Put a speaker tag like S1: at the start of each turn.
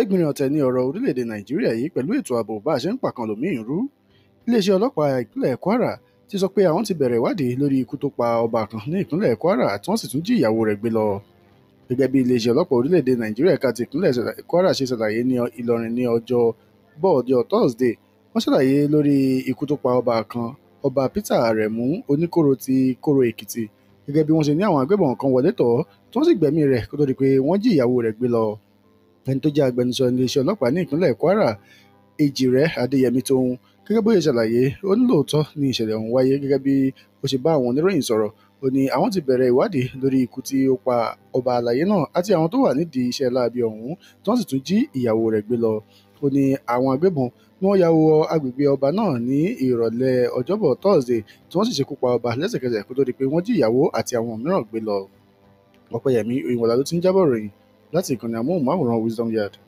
S1: ẹgbìnrin ọ̀tẹ̀ ni ọ̀rọ̀ orílẹ̀-èdè nàìjíríà yìí pẹ̀lú ètò ààbò bá a ṣe ń pàkan lòmíín rú iléeṣẹ́ ọlọ́pàá ìpínlẹ̀ kwara ti sọ pé àwọn ti bẹ̀rẹ̀ ìwádìí lórí ikú tó pa ọba kan ní ìpínlẹ̀ kwara tí wọ́n sì tún jí ìyàwó rẹ̀ gbé lọ gẹ́gẹ́ bí iléeṣẹ́ ọlọ́pàá orílẹ̀-èdè nàìjíríà ẹ̀ka ti ìpínlẹ̀ kwara ṣe ṣàlàyé ní ìlọrin ní ọjọ́ bọ́ọ̀dọ̀ thursday wọ́n ṣàlàyé lórí ikú pa ọba kan ọba peter aremu oníkóró ti kóró èkìtì gẹ́gẹ́ bí wọ́n ṣe ní àwọn ẹni tó jẹ́ agbẹnusọ iléeṣẹ́ ọlọ́pàá ní ìpínlẹ̀ Kwara Èjìrẹ́ Adéyẹmí Tóhun gẹ́gẹ́ bó ṣe ṣàlàyé ó ní lóòótọ́ ni ìṣẹ̀lẹ̀ ọ̀hún wáyé gẹ́gẹ́ bí ó ṣe bá àwọn oníròyìn sọ̀rọ̀ ó ní àwọn ti bẹ̀rẹ̀ ìwádìí lórí ikú tí ó pa ọba àlàyé náà àti àwọn tó wà nídìí iṣẹ́ láabi ọ̀hún tí wọ́n sì tún jí ìyàwó rẹ̀ gbé lọ ó ní àwọn agbébọn ni wọ́n ya wọ agbègbè ọba náà ní ìrọ̀lẹ́ ọjọ́bọ̀ Thursday tí wọ́n sì ṣekú pa ọba lẹ́sẹ̀kẹsẹ̀ kó tó di pé wọ́n jí ìyàwó àti àwọn mìíràn gbé lọ ọ̀pẹ̀yẹmí òyìnbọ̀lá ló ti ń jábọ̀ ròyìn That's láti ìkànnì amóhùnmáwòrán Wisdom yet.